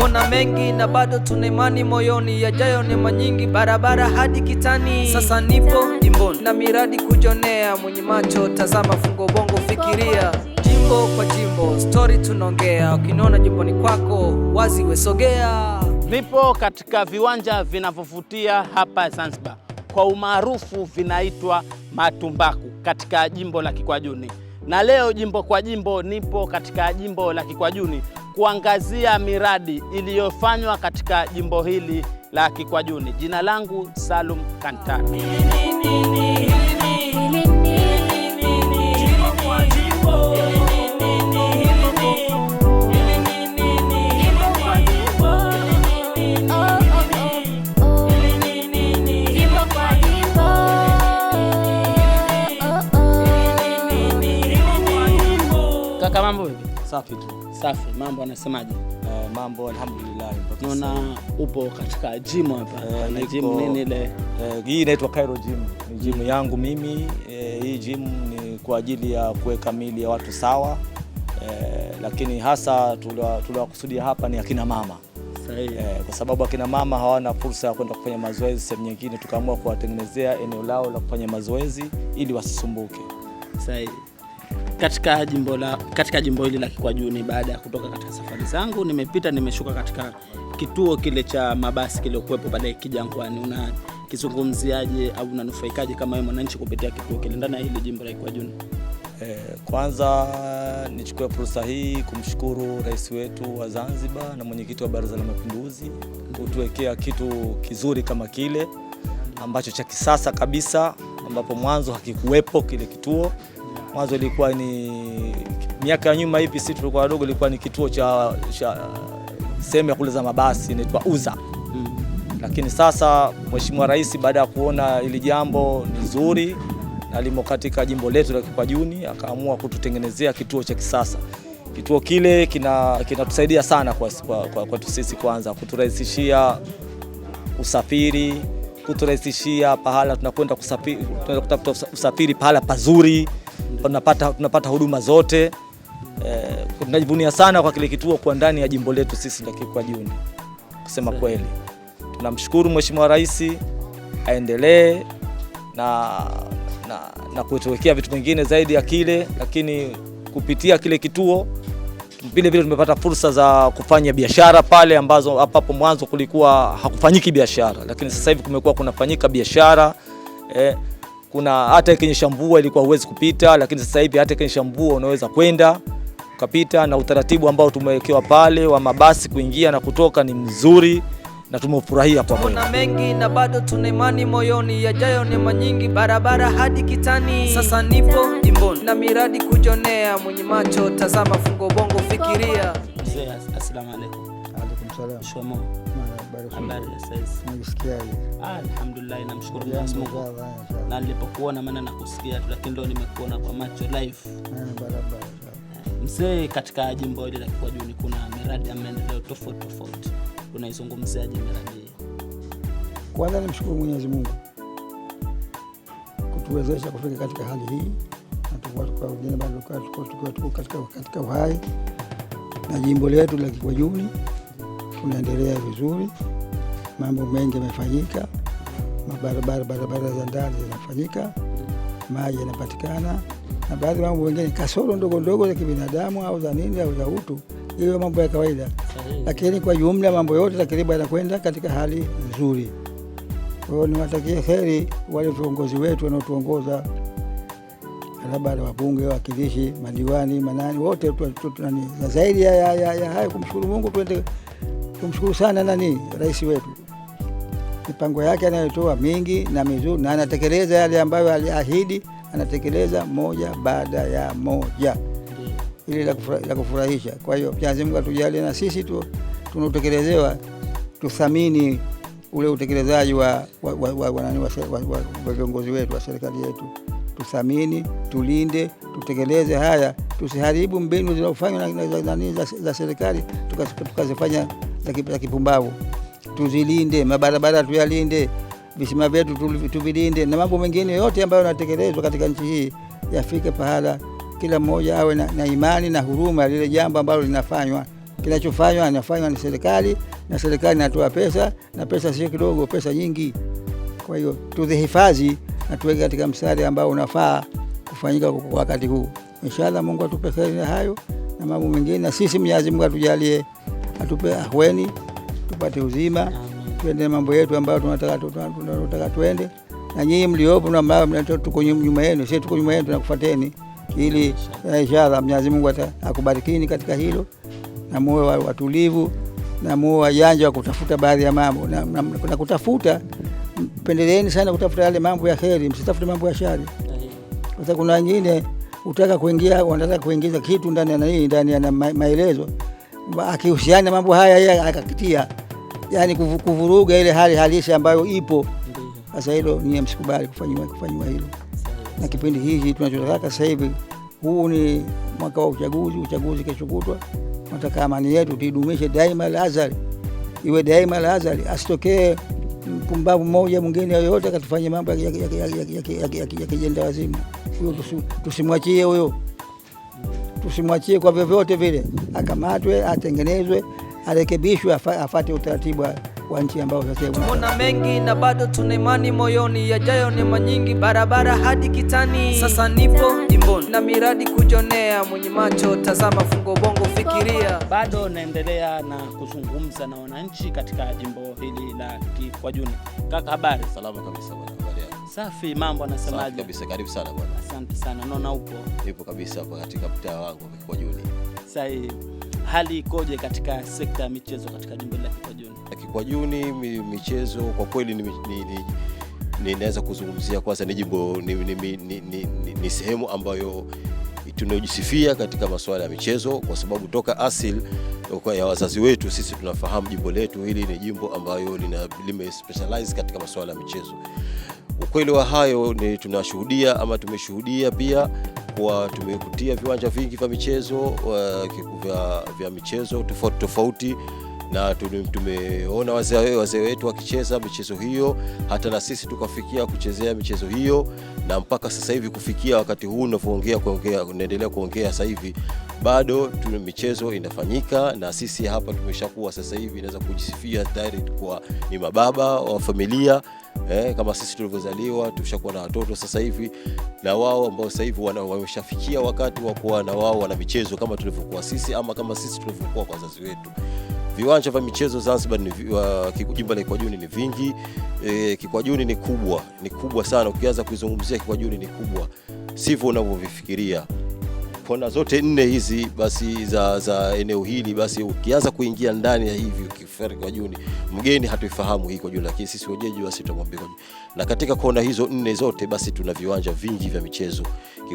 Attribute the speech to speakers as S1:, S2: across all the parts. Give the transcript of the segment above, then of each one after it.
S1: mona mengi na bado tuna imani moyoni, yajayo ni manyingi, barabara hadi kitani. Sasa nipo jimboni na miradi kujonea, mwenye macho tazama, fungo bongo fikiria, jimbo kwa jimbo, stori tunaongea, ukiniona jimboni kwako wazi wesogea.
S2: Nipo katika viwanja vinavyovutia hapa Zanzibar, kwa umaarufu vinaitwa matumbaku katika jimbo la Kikwajuni, na leo jimbo kwa jimbo nipo katika jimbo la Kikwajuni kuangazia miradi iliyofanywa katika jimbo hili la Kikwajuni. Jina langu Salum Kantani.
S3: Safi tu.
S4: Safi, mambo anasemaje?
S3: Uh, mambo alhamdulillah.
S4: Naona upo katika gym hapa. Uh, eh, na gym nini ile?
S3: Uh, hii inaitwa Cairo gym. Ni gym mm. yangu mimi. Uh, hii gym ni kwa ajili ya kuweka mili ya watu sawa. Uh, lakini hasa tuliwakusudia hapa ni akina mama. Eh, kwa sababu akina mama hawana fursa ya kwenda kufanya mazoezi sehemu nyingine, tukaamua kuwatengenezea eneo lao la kufanya mazoezi ili wasisumbuke.
S4: Sahihi katika jimbo la katika jimbo hili la Kikwajuni. Baada ya kutoka katika safari zangu, nimepita nimeshuka katika kituo kile cha mabasi kiliokuwepo pale Kijangwani. Una kizungumziaje au unanufaikaje kama wewe mwananchi kupitia kituo kile ndani ya hili jimbo la Kikwajuni?
S3: Eh, kwanza nichukue fursa hii kumshukuru rais wetu wa Zanzibar na mwenyekiti wa Baraza la Mapinduzi kutuwekea kitu kizuri kama kile ambacho cha kisasa kabisa, ambapo mwanzo hakikuwepo kile kituo mwanzo ilikuwa ni miaka ya nyuma hivi, sisi tulikuwa wadogo, ilikuwa ni kituo cha, cha sehemu ya kule za mabasi inaitwa Uza Lakini sasa Mheshimiwa Rais baada ya kuona hili jambo ni zuri na limo katika jimbo letu la Kikwajuni, akaamua kututengenezea kituo cha kisasa. Kituo kile kinatusaidia kina sana kwetu kwa, kwa, kwa sisi, kwanza kuturahisishia usafiri, kuturahisishia pahala tunakwenda kutafuta usafiri pahala pazuri tunapata, tunapata huduma zote eh, tunajivunia sana kwa kile kituo kwa ndani ya jimbo letu sisi la Kikwajuni. Kusema kweli, tunamshukuru Mheshimiwa Rais aendelee na, na, na kutuwekea vitu vingine zaidi ya kile, lakini kupitia kile kituo vile vile tumepata fursa za kufanya biashara pale ambazo hapo mwanzo kulikuwa hakufanyiki biashara, lakini sasa hivi kumekuwa kunafanyika biashara eh kuna hata ikinyesha mvua ilikuwa huwezi kupita, lakini sasa hivi hata ikinyesha mvua unaweza kwenda ukapita, na utaratibu ambao tumewekewa pale wa mabasi kuingia na kutoka ni mzuri na tumefurahia kwa kweli. Tuna mengi na bado tuna imani moyoni, yajayo ni manyingi, barabara hadi kitani.
S4: Sasa nipo jimboni na miradi kujonea, mwenye macho tazama, fungo bongo fikiria. Mzee, asalamu alaykum. Alaykum salaam. Habari ah, alhamdulillah nilipokuona na maana nakusikia tu, lakini leo nimekuona kwa macho live.
S3: Eh,
S4: Mzee, katika jimbo hili la Kikwajuni kuna miradi ya maendeleo tofauti tofauti, unaizungumziaje miradi hii?
S3: Kwanza nimshukuru Mwenyezi Mungu kutuwezesha kufika katika hali hii na tukiwa tuko katika uhai na jimbo letu la Kikwajuni unaendelea vizuri, mambo mengi yamefanyika, mabarabara barabara za ndani zinafanyika, maji yanapatikana na baadhi ya mambo mengine, kasoro ndogo ndogo za kibinadamu au za nini au za utu, hiyo mambo ya kawaida, lakini kwa jumla mambo yote takriban yanakwenda katika hali nzuri. Kwa hiyo niwatakie heri wale viongozi wetu wanaotuongoza, labda wabunge, wawakilishi, madiwani, manani, wote zaidi ya haya kumshukuru Mungu tuende tumshukuru sana nani rais wetu, mipango yake anayotoa mingi na mizuri, na anatekeleza yale ambayo aliahidi, anatekeleza moja baada ya moja, ili la kufurahisha. Kwa hiyo Mwenyezi Mungu atujalie na sisi tu tunaotekelezewa tuthamini ule utekelezaji wa viongozi wetu wa serikali yetu tuthamini, tulinde, tutekeleze haya, tusiharibu mbinu zinazofanywa nani za serikali tukazifanya za kipumbavu. Tuzilinde mabarabara, tuyalinde visima vyetu tuvilinde, na mambo mengine yote ambayo yanatekelezwa katika nchi hii yafike pahala kila mmoja awe na, na imani na huruma lile jambo ambalo linafanywa. Kinachofanywa anafanywa na serikali, na serikali inatoa pesa, na pesa sio kidogo, pesa nyingi. Kwa hiyo tuzihifadhi atuweke katika mstari ambao unafaa kufanyika kwa wakati huu. Inshallah, Mungu atupe heri na hayo na mambo mengine, na sisi Mwenyezi Mungu atujalie, atupe ahweni, tupate uzima, tuende mambo yetu ambayo tunataka tuende, na nyinyi mliopo na mlao tuko nyuma yenu, sisi tuko nyuma yenu, tunakufuateni ili inshallah Mwenyezi Mungu akubarikini katika hilo, na muwe watulivu na muwe wajanja wa kutafuta baadhi ya mambo na, na, na, na kutafuta Pendeleeni sana kutafuta yale mambo ya heri, msitafute mambo ya shari. Sasa kuna wengine utaka kuingia, wanataka kuingiza kitu ndani na hii ndani ya maelezo, akihusiana mambo haya yeye akakitia, yani kuvuruga ile hali halisi ambayo ipo. Sasa hilo ni msikubali kufanywa kufanywa hilo, na kipindi hiki tunachotaka sasa hivi, huu ni mwaka wa uchaguzi, uchaguzi kesho kutwa. Nataka amani yetu tuidumishe daima la azali, iwe daima la azali, asitokee mpumbavu mmoja mwingine yoyote akatufanya mambo ya kijenda wazimu. Huyo tusimwachie huyo, tusimwachie kwa vyovyote vile, akamatwe, atengenezwe, arekebishwe, afate utaratibu wa nchi ambao sasa hivi tuna mengi na bado tuna imani moyoni, yajayo ni manyingi, barabara hadi kitani.
S4: Sasa nipo jimboni na miradi kujonea, mwenye macho tazama, fungo bongo fikiria. Bado naendelea na kuzungumza na wananchi katika jimbo hili la Kikwajuni. Kaka, habari?
S5: Salama kabisa bwana.
S4: Safi, mambo anasemaje?
S5: Kabisa, karibu sana bwana.
S4: Asante sana. Naona upo
S5: ipo kabisa hapa katika mtaa wangu wa Kikwajuni.
S4: Sahihi, hali ikoje katika sekta ya michezo katika jimbo la Kikwajuni?
S5: kwa juni michezo kwa kweli ninaweza kuzungumzia kwanza, ni jimbo ni, ni, ni, ni, ni, ni sehemu ambayo tunajisifia katika masuala ya michezo kwa sababu toka asili ya wazazi wetu sisi tunafahamu jimbo letu hili ni jimbo ambayo limespecialize katika masuala ya michezo. Ukweli wa hayo ni tunashuhudia ama tumeshuhudia pia kwa tumekutia viwanja vingi vya michezo vya michezo tofauti tofauti na tumeona wazee wazee wetu wakicheza michezo hiyo, hata na sisi tukafikia kuchezea michezo hiyo, na mpaka sasa hivi kufikia wakati huu unavyoongea kuongea unaendelea kuongea sasa hivi bado michezo inafanyika, na sisi hapa tumeshakuwa sasa hivi naweza kujisifia direct kwa ni mababa wa familia eh, kama sisi tulivyozaliwa tumeshakuwa na watoto sasa hivi, na wao ambao sasa hivi wameshafikia wakati wa kuwa na wao wana michezo kama tulivyokuwa sisi ama kama sisi tulivyokuwa kwa wazazi wetu. Viwanja vya michezo Zanzibar ni kikujimba la Kikwajuni ni vingi e, Kikwajuni ni kubwa, ni kubwa sana. Ukianza kuizungumzia Kikwajuni ni kubwa, sivyo unavyovifikiria kona zote nne hizi basi za, za eneo hili, basi ukianza kuingia ndani ya hivi ukifari kwa Juni, mgeni hatuifahamu hii kwa Juni, lakini sisi wenyeji basi tutamwambia kwa Na katika kona hizo nne zote basi tuna viwanja vingi vya michezo.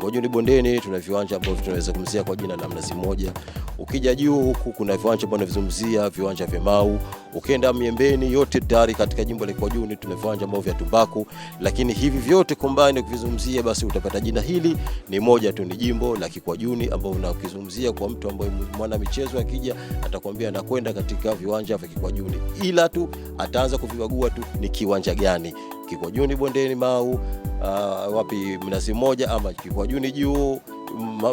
S5: Kwa Juni bondeni tuna viwanja ambavyo tunaweza kumzia kwa jina la Mnazi moja Ukija juu huku kuna viwanja ambavyo tunavizungumzia, viwanja vya Mau ukienda Miembeni yote dari katika jimbo la Kikwajuni viwanja maovu ya tumbaku, lakini hivi vyote kombani ukivizungumzia, basi utapata jina hili ni moja tu, ni jimbo la Kikwajuni, ambao unakizungumzia kwa mtu ambaye mwana michezo akija atakwambia anakwenda katika viwanja vya Kikwajuni, ila tu ataanza kuvibagua tu ni kiwanja gani Kikwajuni Bondeni Mau, uh, wapi Mnazi Mmoja ama Kikwajuni juu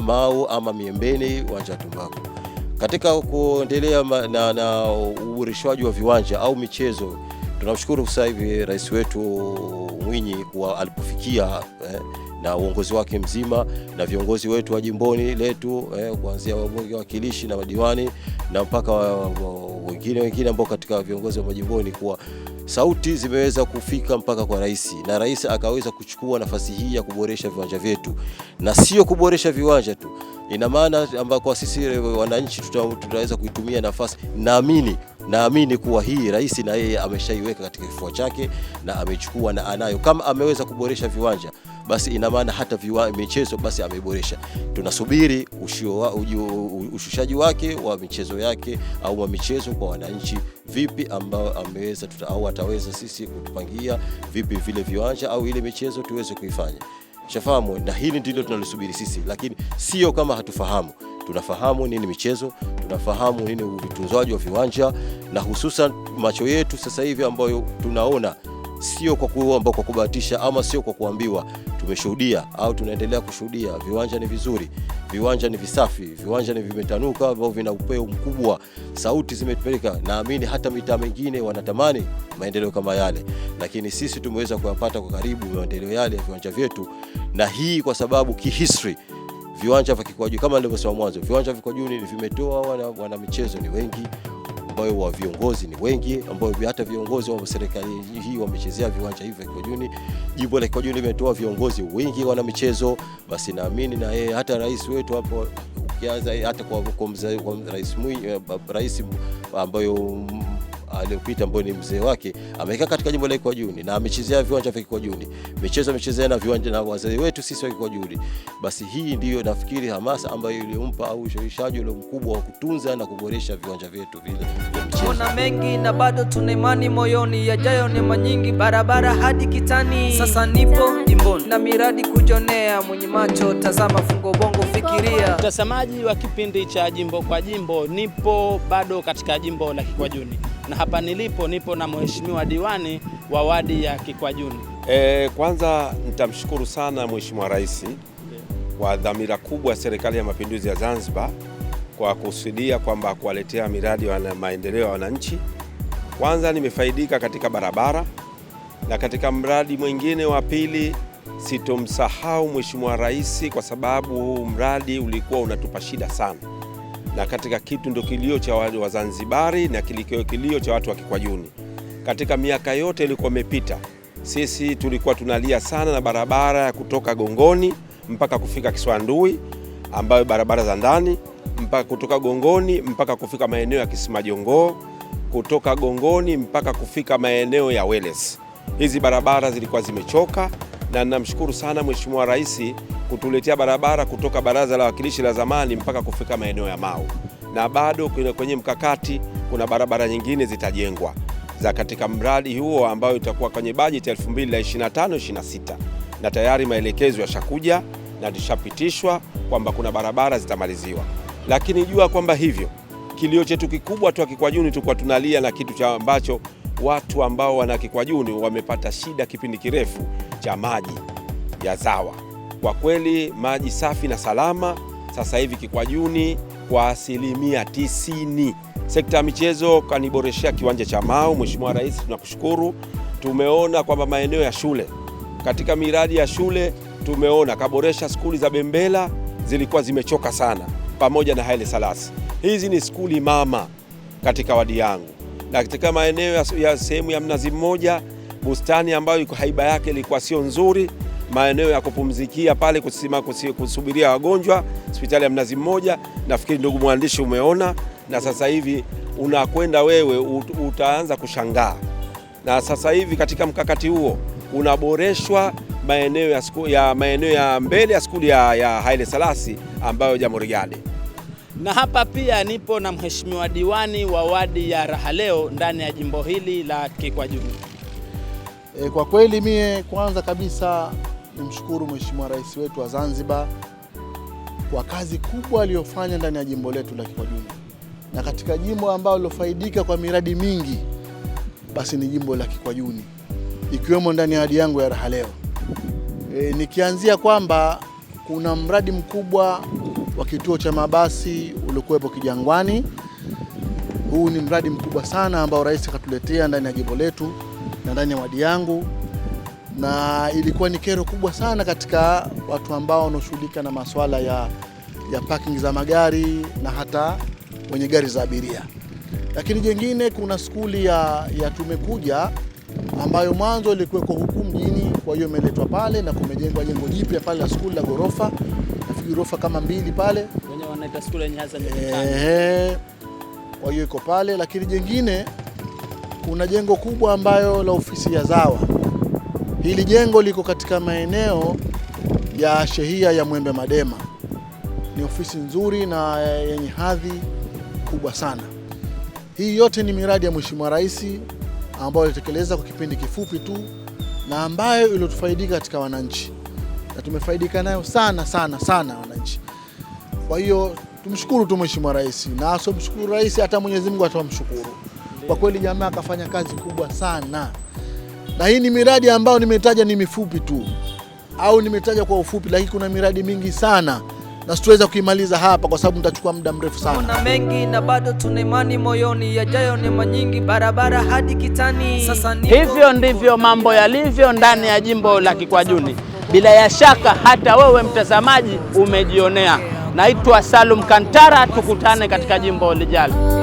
S5: Mau ama Miembeni uwanja wa tumbaku. Katika kuendelea na, na uboreshwaji wa viwanja au michezo, tunamshukuru sasa hivi rais wetu Mwinyi kwa alipofikia eh, na uongozi wake mzima na viongozi wetu wa jimboni letu eh, kuanzia wabunge, wakilishi na madiwani na mpaka wa, wa, wengine wengine ambao katika viongozi wa majimboni kuwa sauti zimeweza kufika mpaka kwa rais, na rais akaweza kuchukua nafasi hii ya kuboresha viwanja vyetu, na sio kuboresha viwanja tu, ina maana ambapo kwa sisi wananchi tutaweza kuitumia nafasi. Naamini naamini kuwa hii rais na yeye ameshaiweka katika kifua chake na amechukua na anayo, kama ameweza kuboresha viwanja basi ina maana hata viwa, michezo basi ameboresha Tunasubiri wa, ushushaji wake wa michezo yake au wa michezo kwa wananchi, vipi ambao ameweza au ataweza sisi kutupangia vipi vile viwanja au ile michezo tuweze kuifanya shafahamu, na hili ndilo tunalisubiri sisi, lakini sio kama hatufahamu. Tunafahamu nini michezo, tunafahamu nini utunzwaji wa viwanja, na hususan macho yetu sasa hivi ambayo tunaona sio kwa kuomba, kwa kubahatisha ama sio kwa kuambiwa. Tumeshuhudia au tunaendelea kushuhudia, viwanja ni vizuri, viwanja ni visafi, viwanja ni vimetanuka, ambao vina upeo mkubwa, sauti zimetupeleka. Naamini hata mitaa mingine wanatamani maendeleo kama yale, lakini sisi tumeweza kuyapata kwa karibu maendeleo yale ya viwanja vyetu, na hii kwa sababu kihistori viwanja vya Kikwajuni kama nilivyosema mwanzo, viwanja vya Kikwajuni vimetoa wana, wana michezo ni wengi ambayo wa viongozi ni wengi, ambayo hata viongozi wa serikali hii wamechezea viwanja hivi vya Kikwajuni. Jimbo la Kikwajuni limetoa viongozi wengi wana michezo, basi naamini na yeye eh, hata rais wetu hapo ukianza eh, hata kwa, kwa, kwa, kwa rais eh, ambayo aliyopita ambaye ni mzee wake amekaa katika jimbo la juni na amechezea viwanja vya juni michezo amechezea na viwanja na wazee wetu sisi wa juni Basi hii ndiyo nafikiri hamasa ambayo iliyompa au ushawishaji ule mkubwa wa kutunza na kuboresha viwanja vyetu vile. Kuna mengi na bado tuna imani moyoni, yajayo ni manyingi, barabara hadi kitani.
S4: Sasa nipo jimboni na miradi kujonea, mwenye macho tazama, fungo bongo fikiria. Mtazamaji wa kipindi cha Jimbo kwa Jimbo, nipo bado katika jimbo la Kikwajuni na hapa nilipo nipo na mheshimiwa diwani wa wadi ya Kikwajuni.
S3: E, kwanza nitamshukuru sana Mheshimiwa Rais kwa dhamira kubwa Serikali ya Mapinduzi ya Zanzibar kwa kusudia kwamba kuwaletea miradi ya maendeleo ya wananchi. Kwanza nimefaidika katika barabara na katika mradi mwingine wa pili sitomsahau Mheshimiwa Rais kwa sababu huu mradi ulikuwa unatupa shida sana na katika kitu ndio kilio cha Wazanzibari na kilio, kilio cha watu wa Kikwajuni. Katika miaka yote ilikuwa imepita, sisi tulikuwa tunalia sana na barabara ya kutoka Gongoni mpaka kufika Kiswandui, ambayo barabara za ndani mpaka kutoka Gongoni mpaka kufika maeneo ya Kisimajongo, kutoka Gongoni mpaka kufika maeneo ya Welless. Hizi barabara zilikuwa zimechoka, na namshukuru sana Mheshimiwa Rais kutuletea barabara kutoka Baraza la wakilishi la zamani mpaka kufika maeneo ya Mau, na bado kwenye mkakati kuna barabara nyingine zitajengwa za katika mradi huo ambayo itakuwa kwenye bajeti 2025 26 na tayari maelekezo yashakuja na tushapitishwa kwamba kuna barabara zitamaliziwa, lakini jua kwamba hivyo kilio chetu kikubwa tu Kikwajuni tulikuwa tunalia na kitu cha ambacho watu ambao wana Kikwajuni wamepata shida kipindi kirefu cha maji ya Zawa. Kwa kweli maji safi na salama sasa hivi Kikwajuni kwa asilimia tisini. Sekta ya michezo kaniboreshea kiwanja cha Mau. Mheshimiwa Rais, tunakushukuru. Tumeona kwamba maeneo ya shule, katika miradi ya shule tumeona kaboresha skuli za Bembela, zilikuwa zimechoka sana, pamoja na Haile Salasi. Hizi ni skuli mama katika wadi yangu, na katika maeneo ya sehemu ya Mnazi Mmoja, bustani ambayo iko haiba yake ilikuwa sio nzuri maeneo ya kupumzikia pale kusima, kusubiria wagonjwa hospitali ya Mnazi Mmoja. Nafikiri ndugu mwandishi, umeona na sasa hivi unakwenda wewe utaanza kushangaa. Na sasa hivi katika mkakati huo unaboreshwa maeneo ya, ya, maeneo ya mbele ya skuli ya, ya Haile Salasi ambayo Jamhuri gani
S4: na hapa pia nipo na mheshimiwa diwani wa wadi ya Rahaleo ndani ya jimbo hili la Kikwajuni.
S3: E, eh, kwa kweli mie kwanza kabisa nimshukuru Mheshimiwa Rais wetu wa Zanzibar kwa kazi kubwa aliyofanya ndani ya jimbo letu la Kikwajuni, na katika jimbo ambalo lilofaidika kwa miradi mingi basi ni jimbo la Kikwajuni, ikiwemo ndani ya hadi yangu ya Raha Leo. E, nikianzia kwamba kuna mradi mkubwa wa kituo cha mabasi uliokuwepo Kijangwani. Huu ni mradi mkubwa sana ambao rais akatuletea ndani ya jimbo letu na ndani ya wadi yangu na ilikuwa ni kero kubwa sana katika watu ambao wanaoshughulika na masuala ya, ya parking za magari na hata wenye gari za abiria. Lakini jengine, kuna skuli ya, ya Tumekuja ambayo mwanzo ilikuweko huku mjini, kwa hiyo imeletwa pale na kumejengwa jengo jipya pale la skuli la ghorofa, nafikiri ghorofa kama mbili pale
S4: wanaita skuli yenye hasa
S3: eh, kwa hiyo iko pale. Lakini jengine, kuna jengo kubwa ambayo la ofisi ya Zawa Hili jengo liko katika maeneo ya shehia ya Mwembe Madema. Ni ofisi nzuri na yenye hadhi kubwa sana. Hii yote ni miradi ya Mheshimiwa Rais ambayo alitekeleza kwa kipindi kifupi tu na ambayo iliotufaidika katika wananchi, na tumefaidika nayo sana sana sana wananchi. Kwa hiyo tumshukuru tu Mheshimiwa Rais, na asomshukuru rais hata Mwenyezi Mungu atamshukuru. Kwa kweli jamaa akafanya kazi kubwa sana na hii ni miradi ambayo nimetaja ni mifupi tu au nimetaja kwa ufupi, lakini kuna miradi mingi sana na situweza kuimaliza hapa kwa sababu nitachukua muda mrefu sana. Kuna mengi na bado tuna imani moyoni, yajayo
S4: ni manyingi, barabara hadi kitani. Sasa hivyo ndivyo mambo yalivyo ndani ya jimbo la Kikwajuni. Bila ya shaka hata wewe mtazamaji umejionea. Naitwa Salum Kantara, tukutane katika jimbo lijalo.